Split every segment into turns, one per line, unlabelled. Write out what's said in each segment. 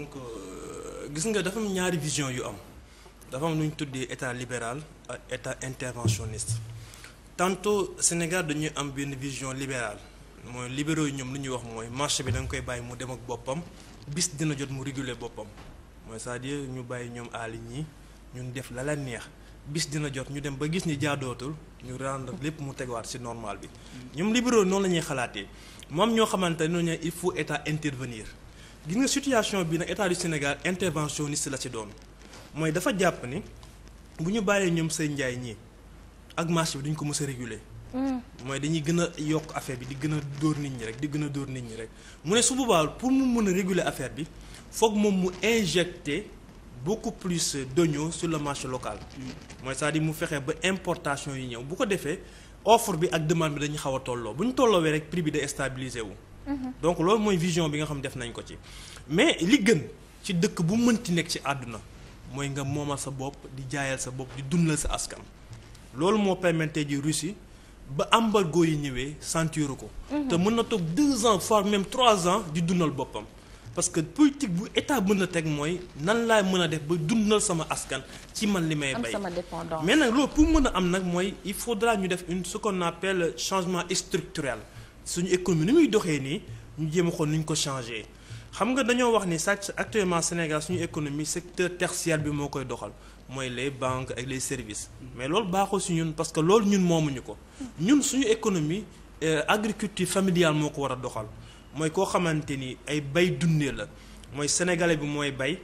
donc euh, gis nga dafa am ñaari vision yu am dafa am lu ñu tuddee état libéral ak état interventionniste tantôt Sénégal dañuy am benn vision libéral mooy libéro yi ñoom lu ñuy wax mooy marché bi da nga koy bàyyi mu dem ak boppam bis dina jot mu réguler boppam mooy cest à ñu bàyyi ñoom àll ñi ñun def lala neex bis dina jot ñu dem ba gis ni jaadootul ñu rendre lépp mu tegwaat ci normal bi ñoom libéraux noonu la ñuy xalaatee moom ñoo xamante ne il faut état intervenir. gis nga situation bi nag état du Sénégal interventionniste la si doon mooy dafa jàpp ni bu ñu bàyyee ñoom say njaay ñi ak marché bi duñ ko mës a réguler. Mm. mooy dañuy gën a yokk affaire bi di gën a dóor nit ñi rek di gën a dóor nit ñi rek mu ne su boobaa pour mu mën a réguler affaire bi foog moom mu injecter beaucoup plus d'oignons sur le marché local. mooy cest di mu fexe ba importation yi ñëw bu ko defee offre bi ak demande bi dañu xaw a tolloo bu ñu tolloowee rek prix bi day stabiliser wu. donc loolu mooy vision bi nga xam def nañ ko ci mais li gën ci dëkk bu mënti nekk ci àdduna mooy nga moomal sa bopp di jaayal sa bopp di dundal sa askan loolu moo permettre ji Russie ba embargo yi ñëwee ceinture ko te mën na toog deux ans voire même trois ans di dundal boppam parce que politique bu état mën na teg mooy nan laa mën a def ba dundal sama askan ci man li may bay mais nag loolu pour mën a am nag mooy il faudra ñu def une ce qu'on appelle changement structurel suñu économie ni muy doxee nii ñu jéem a xool nu ñu ko changé xam nga dañoo wax ni sàcc actuellement Sénégal suñu économie secteur tertiaire bi moo koy doxal mooy les banque ak les services mais loolu baaxul si ñun parce que loolu ñun moomuñu ko ñun suñu économie euh, agriculture familiale moo ko war a doxal mooy koo xamante ni ay bay dundee la mooy sénégalais bi mooy bay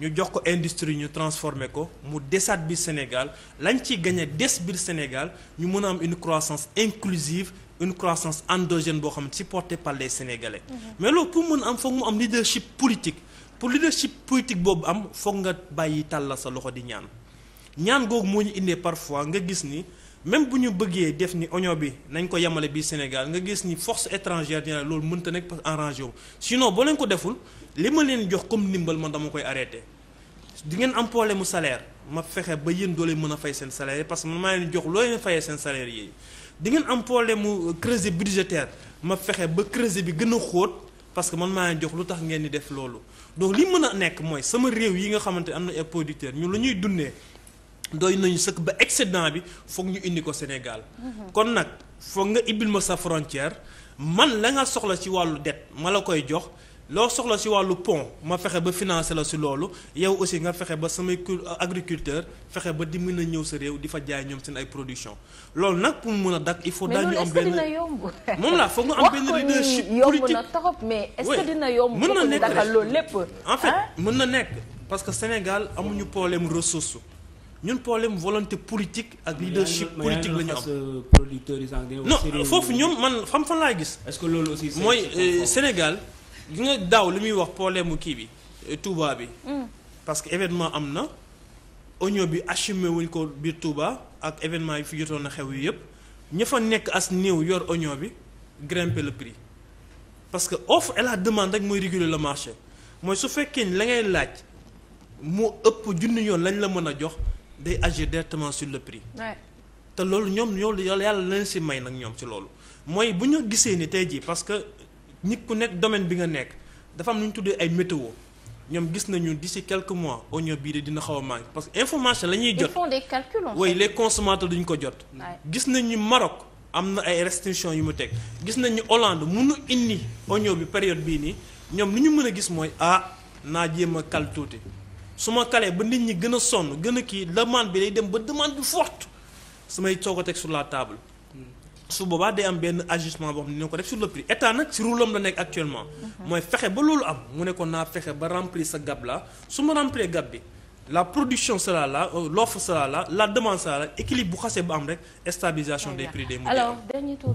ñu jox ko industrie ñu transformer ko mu desaat biir Sénégal lañ ciy gagné des biir Sénégal ñu mën a am une croissance inclusive une croissance endogène boo xam ne supportée par les Sénégalais. Mhm. mais loolu pour mën am foog mu am leadership politique pour leadership politique boobu am foog nga bàyyi tàllal sa loxo di ñaan ñaan googu moo ñu indee parfois nga gis ni. même bu ñu bëggee def ni oignon bi nañ ko yamale bi Sénégal nga gis ni force étrangère dina loolu mënta nekk parce que arrangé wu sinon boo leen ko deful li ma leen jox comme ndimbal man dama koy arrêté di ngeen am problème mu salaire ma fexe ba yéen doo mën a fay seen salaire parce que man jox loo leen fayee seen salaire di ngeen am problème mu creuset budgétaire ma fexe ba creuset bi gën a xóot parce que man maa jox lu tax ngeen di def loolu donc li mën a nekk mooy sama réew yi nga xamante ne am na ay producteurs ñun la ñuy dundee doy nañu sëkk ba excédent bi foog ñu indi ko Sénégal. Mhm. kon nag foog nga ibbil ma sa frontière man la nga soxla ci wàllu det ma la koy jox. loo soxla ci wàllu pont ma fexe ba financer la si loolu yow aussi nga fexe ba samay agriculteur fexe ba di mën a ñëw sa réew di fa jaay ñoom seen ay production loolu nag pour mu mën a dakk il faut daal am benn moom la foog nga am benn leadership politique mais est-ce que dina yomb mën na nekk loolu lépp en fait mën na nekk parce que Sénégal amuñu problème ressource ñun problème volonté politique ak leadership politique la ñu am producteurs yi non foofu ñun man xam fan laay gis est-ce que loolu aussi mooy euh, Sénégal gi nga daaw li muy wax problème mu kii bi euh, Touba bi. Mm. parce que événement am na oignon bi assumé wuñ ko biir Touba ak événement yi fi jotoon na xew yi yëpp ña fa nekk as néew yor oignon bi grimper le prix parce que offre et la demande rek mooy réguler le marché mooy su fekkee ni la laaj mu ëpp junni yoon lañ la mën a jox day agir directement sur le prix. te loolu ñoom yow yàlla leen si may nag ñoom ci loolu mooy bu ñu gisee ni tey jii parce ñi ku nekk domaine bi nga nekk dafa am lu ñu tuddee ay météo ñoom gis nañu d'ici quelques mois oignon bii de dina xaw a parce que information la ñuy jot. ils font des calculs en fait. oui duñ ko jot. gis nañu Maroc am na ay restrictions yu mu teg gis nañu Hollande mënu indi oignon bi période bii nii ñoom lu ñu mën a gis mooy ah naa jéem a kal tuuti su ma kalee ba nit ñi gën a sonn gën a kii demande bi day dem ba demande bi forte samay soog a teg su la taable hmm. su boobaa day am benn ajustement boo xam ne dina ko def sur le prix état nag ci rôle am la nekk actuellement. Mhm. mooy fexe ba loolu am mu ne ko naa fexe ba remplir sa gap la su ma remplir gap bi la production sera la euh, l'offre sera là la demande sera là équilibre bu xasee ba am rek stabilisation des prix des.